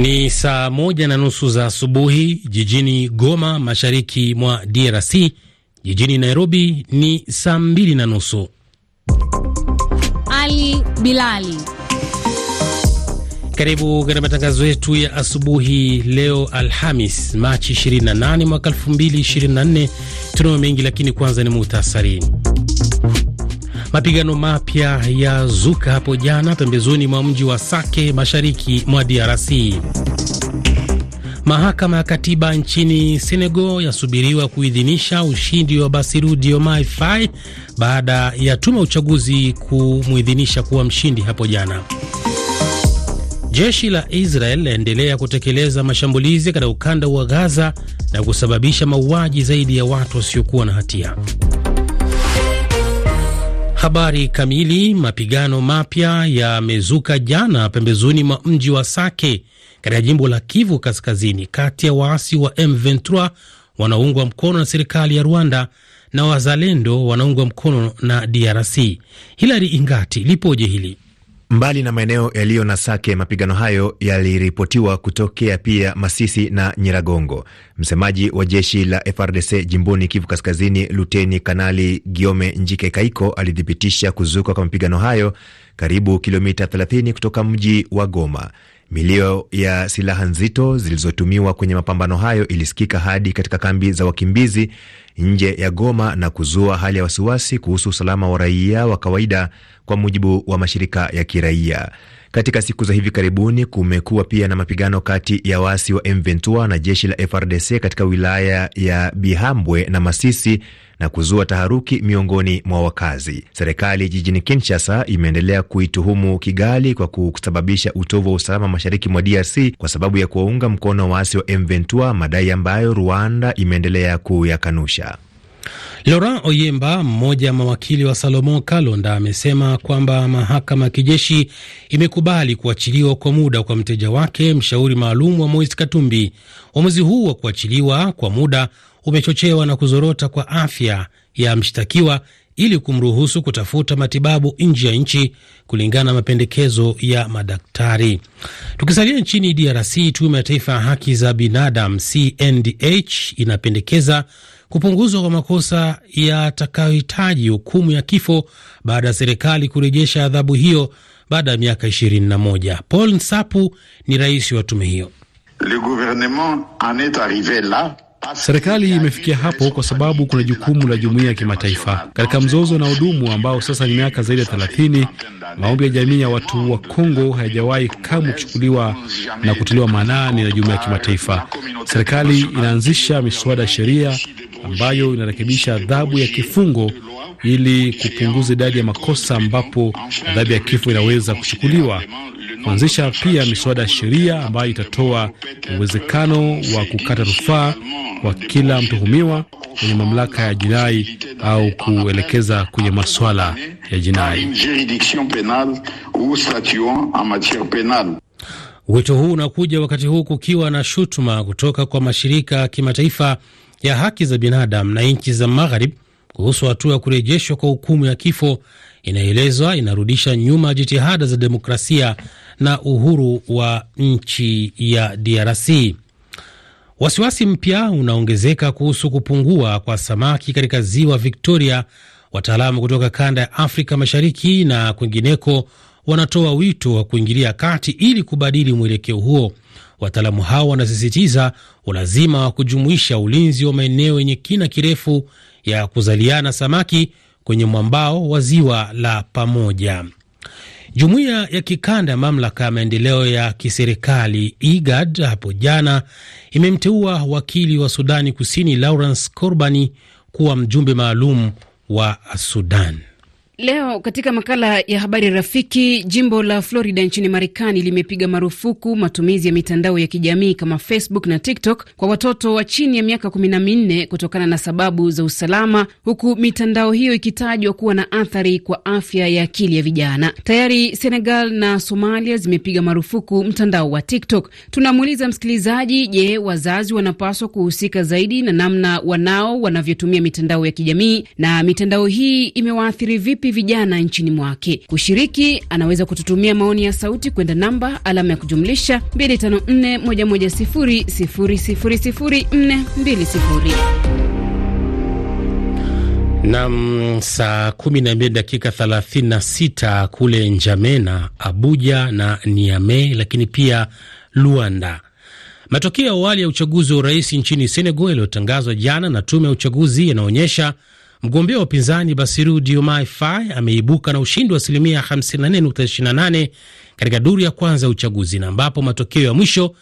Ni saa moja na nusu za asubuhi jijini Goma, mashariki mwa DRC. Jijini Nairobi ni saa mbili na nusu. Ali Bilali, karibu katika matangazo yetu ya asubuhi leo Alhamis, Machi 28 mwaka 2024. Tunayo mengi, lakini kwanza ni muhtasari Mapigano mapya ya zuka hapo jana pembezoni mwa mji wa Sake mashariki mwa DRC. Mahakama ya katiba nchini Senegal yasubiriwa kuidhinisha ushindi wa Basiru Diomaye Faye baada ya tume ya uchaguzi kumuidhinisha kuwa mshindi hapo jana. Jeshi la Israel laendelea kutekeleza mashambulizi katika ukanda wa Gaza na kusababisha mauaji zaidi ya watu wasiokuwa na hatia. Habari kamili. Mapigano mapya yamezuka jana pembezoni mwa mji wa Sake katika jimbo la Kivu Kaskazini, kati ya waasi wa M23 wanaoungwa mkono na serikali ya Rwanda na wazalendo wanaungwa mkono na DRC. Hilari Ingati, lipoje hili? Mbali na maeneo yaliyo na sake, mapigano hayo yaliripotiwa kutokea pia Masisi na Nyiragongo. Msemaji wa jeshi la FRDC jimboni Kivu Kaskazini, Luteni Kanali Giome Njike Kaiko alithibitisha kuzuka kwa mapigano hayo karibu kilomita 30 kutoka mji wa Goma. Milio ya silaha nzito zilizotumiwa kwenye mapambano hayo ilisikika hadi katika kambi za wakimbizi nje ya Goma na kuzua hali ya wasiwasi kuhusu usalama wa raia wa kawaida, kwa mujibu wa mashirika ya kiraia. Katika siku za hivi karibuni kumekuwa pia na mapigano kati ya waasi wa M23 na jeshi la FRDC katika wilaya ya Bihambwe na Masisi na kuzua taharuki miongoni mwa wakazi. Serikali jijini Kinshasa imeendelea kuituhumu Kigali kwa kusababisha utovu wa usalama mashariki mwa DRC kwa sababu ya kuwaunga mkono waasi wa M23, madai ambayo Rwanda imeendelea kuyakanusha. Laurent Oyemba, mmoja mawakili wa Salomon Kalonda, amesema kwamba mahakama ya kijeshi imekubali kuachiliwa kwa muda kwa mteja wake, mshauri maalum wa Moise Katumbi. Uamuzi huu wa kuachiliwa kwa muda umechochewa na kuzorota kwa afya ya mshtakiwa ili kumruhusu kutafuta matibabu nje ya nchi kulingana na mapendekezo ya madaktari. Tukisalia nchini DRC, tume ya taifa ya haki za binadamu CNDH inapendekeza kupunguzwa kwa makosa yatakayohitaji hukumu ya kifo baada ya serikali kurejesha adhabu hiyo baada ya miaka ishirini moja. Paul Nsapu ni rais wa tume hiyo. Serikali imefikia hapo kwa sababu kuna jukumu la jumuiya ya kimataifa katika mzozo na udumu ambao sasa ni miaka zaidi ya thelathini Maombi ya jamii ya watu wa Kongo hayajawahi kamwe kuchukuliwa na kutiliwa maanani na jumuiya ya kimataifa. Serikali inaanzisha miswada ya sheria ambayo inarekebisha adhabu ya kifungo ili kupunguza idadi ya makosa ambapo adhabu ya kifo inaweza kuchukuliwa, kuanzisha pia miswada ya sheria ambayo itatoa uwezekano wa kukata rufaa kwa kila mtuhumiwa kwenye mamlaka ya jinai au kuelekeza kwenye maswala ya jinai. Wito huu unakuja wakati huu kukiwa na shutuma kutoka kwa mashirika ya kimataifa ya haki za binadamu na nchi za Magharibi kuhusu hatua ya kurejeshwa kwa hukumu ya kifo inayoelezwa inarudisha nyuma jitihada za demokrasia na uhuru wa nchi ya DRC. Wasiwasi mpya unaongezeka kuhusu kupungua kwa samaki katika ziwa Victoria. Wataalamu kutoka kanda ya Afrika Mashariki na kwingineko wanatoa wito wa kuingilia kati ili kubadili mwelekeo huo. Wataalamu hao wanasisitiza ulazima wa kujumuisha ulinzi wa maeneo yenye kina kirefu ya kuzaliana samaki kwenye mwambao wa ziwa la pamoja. Jumuiya ya kikanda ya mamlaka ya maendeleo ya kiserikali IGAD hapo jana imemteua wakili wa Sudani Kusini Lawrence Corbani kuwa mjumbe maalum wa Sudan. Leo katika makala ya habari rafiki, jimbo la Florida nchini Marekani limepiga marufuku matumizi ya mitandao ya kijamii kama Facebook na TikTok kwa watoto wa chini ya miaka kumi na minne kutokana na sababu za usalama, huku mitandao hiyo ikitajwa kuwa na athari kwa afya ya akili ya vijana. Tayari Senegal na Somalia zimepiga marufuku mtandao wa TikTok. Tunamuuliza msikilizaji, je, wazazi wanapaswa kuhusika zaidi na namna wanao wanavyotumia mitandao ya kijamii na mitandao hii imewaathiri vipi vipi vijana nchini mwake. Kushiriki, anaweza kututumia maoni ya sauti kwenda namba alama ya kujumlisha 254110000420. Nam, saa 12 dakika 36 kule Njamena, Abuja na Niamey, lakini pia Luanda. Matokeo ya awali ya uchaguzi wa urais nchini Senegal yaliyotangazwa jana na tume ya uchaguzi yanaonyesha Mgombea wa upinzani Basiru Diomaye Faye ameibuka na ushindi wa asilimia 54.28 katika duru ya kwanza ya uchaguzi na ambapo matokeo ya mwisho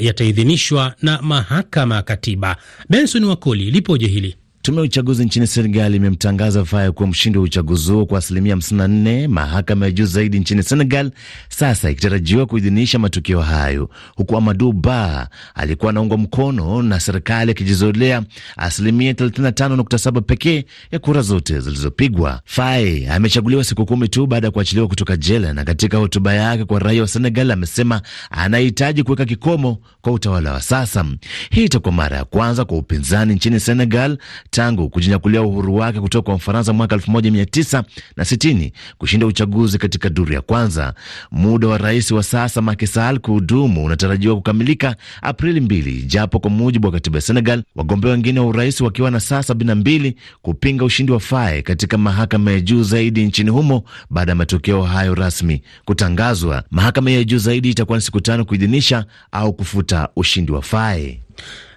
yataidhinishwa na mahakama ya katiba. Benson Wakoli, lipoje hili? Tume ya uchaguzi nchini Senegal imemtangaza Faye kuwa mshindi wa uchaguzi huo kwa asilimia 54, mahakama ya juu zaidi nchini Senegal sasa ikitarajiwa kuidhinisha matokeo hayo, huku Amadou Ba alikuwa anaungwa mkono na serikali akijizolea asilimia 35.7 pekee ya kura zote zilizopigwa. Faye amechaguliwa siku kumi tu baada ya kuachiliwa kutoka jela, na katika hotuba yake kwa raia wa Senegal amesema anahitaji kuweka kikomo kwa utawala wa sasa. Hii itakuwa mara ya kwanza kwa upinzani nchini Senegal tangu kujinyakulia uhuru wake kutoka kwa Ufaransa mwaka 1960 kushinda uchaguzi katika duru ya kwanza. Muda wa rais wa sasa Macky Sall kuhudumu unatarajiwa kukamilika Aprili mbili, japo kwa mujibu wa katiba ya Senegal wagombea wengine wa urais wakiwa na saa 72 kupinga ushindi wa Faye katika mahakama ya juu zaidi nchini humo baada ya matokeo hayo rasmi kutangazwa. Mahakama ya juu zaidi itakuwa na siku tano kuidhinisha au kufuta ushindi wa Faye.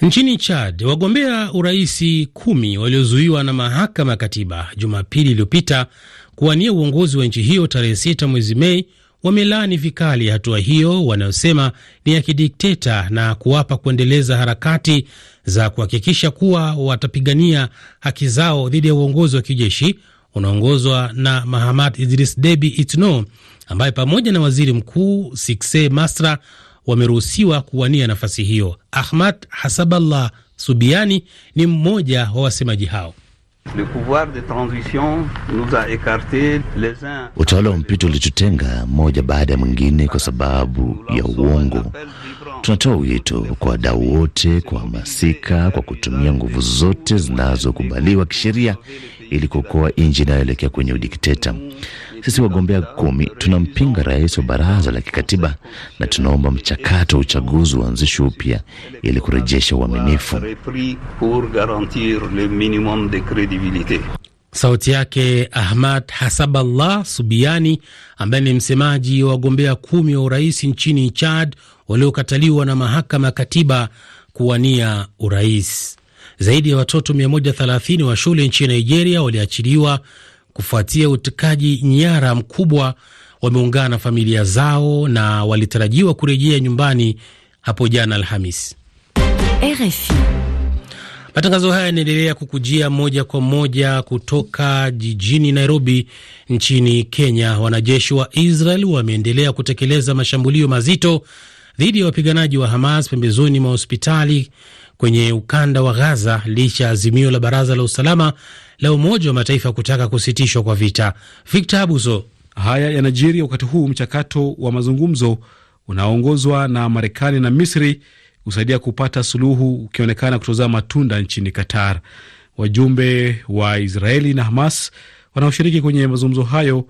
Nchini Chad, wagombea uraisi kumi waliozuiwa na mahakama ya katiba Jumapili iliyopita kuwania uongozi wa nchi hiyo tarehe st mwezi Mei wamelaani vikali hatua hiyo wanayosema ni ya kidikteta na kuwapa kuendeleza harakati za kuhakikisha kuwa watapigania haki zao dhidi ya uongozi wa kijeshi unaongozwa na Mahamad Idris Debi Itno ambaye pamoja na waziri mkuu Sikse Masra wameruhusiwa kuwania nafasi hiyo. Ahmad Hasaballah Subiani ni mmoja wa wasemaji hao. Utawala wa mpito ulitutenga mmoja baada ya mwingine kwa sababu ya uongo. Tunatoa wito kwa wadau wote kuhamasika kwa kutumia nguvu zote zinazokubaliwa kisheria ili kuokoa nchi inayoelekea kwenye udikteta. Sisi wagombea kumi tunampinga rais wa baraza la kikatiba na tunaomba mchakato wa uchaguzi uanzishwe upya ili kurejesha uaminifu. Sauti yake Ahmad Hasaballah Subiani, ambaye ni msemaji wa wagombea kumi wa urais nchini Chad waliokataliwa na mahakama ya katiba kuwania urais. Zaidi ya watoto 130 wa shule nchini Nigeria waliachiliwa kufuatia utekaji nyara mkubwa. Wameungana na familia zao na walitarajiwa kurejea nyumbani hapo jana Alhamis. Matangazo haya yanaendelea kukujia moja kwa moja kutoka jijini Nairobi nchini Kenya. Wanajeshi wa Israel wameendelea kutekeleza mashambulio mazito dhidi ya wapiganaji wa Hamas pembezoni mwa hospitali kwenye ukanda wa Gaza licha ya azimio la baraza la usalama la Umoja wa Mataifa kutaka kusitishwa kwa vita. Victor Abuso. Haya yanajiri wakati huu mchakato wa mazungumzo unaoongozwa na Marekani na Misri kusaidia kupata suluhu ukionekana kutozaa matunda nchini Qatar. Wajumbe wa Israeli na Hamas wanaoshiriki kwenye mazungumzo hayo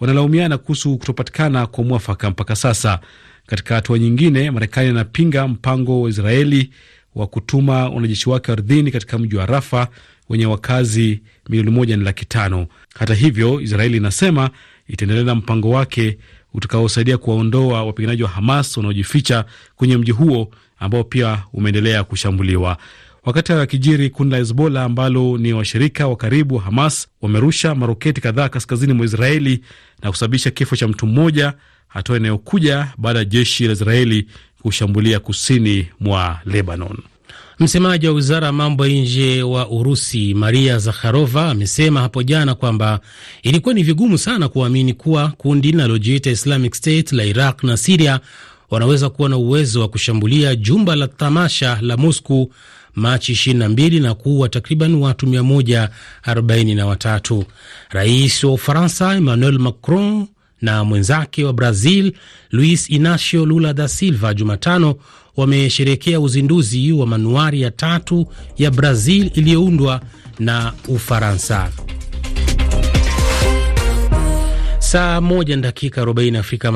wanalaumiana kuhusu kutopatikana kwa mwafaka mpaka sasa. Katika hatua nyingine, Marekani anapinga mpango wa Israeli wa kutuma wanajeshi wake ardhini katika mji wa Rafa wenye wakazi milioni moja na laki tano. Hata hivyo, Israeli inasema itaendelea na mpango wake utakaosaidia kuwaondoa wapiganaji wa Hamas wanaojificha kwenye mji huo ambao pia umeendelea kushambuliwa. Wakati wa kundi la Hezbola ambalo ni washirika wa karibu wa Hamas wamerusha maroketi kadhaa kaskazini mwa Israeli na kusababisha kifo cha mtu mmoja, hatua inayokuja baada ya jeshi la Israeli kushambulia kusini mwa Lebanon. Msemaji wa wizara ya mambo ya nje wa Urusi, Maria Zakharova, amesema hapo jana kwamba ilikuwa ni vigumu sana kuamini kuwa kundi linalojiita Islamic State la Iraq na Siria wanaweza kuwa na uwezo wa kushambulia jumba la tamasha la Moscow Machi 22 na kuua takriban watu 143. Rais wa Ufaransa Emmanuel Macron na mwenzake wa Brazil Luis Inacio Lula da Silva Jumatano wamesherekea uzinduzi wa manuari ya tatu ya Brazil iliyoundwa na Ufaransa. Saa moja na dakika 40 Afrika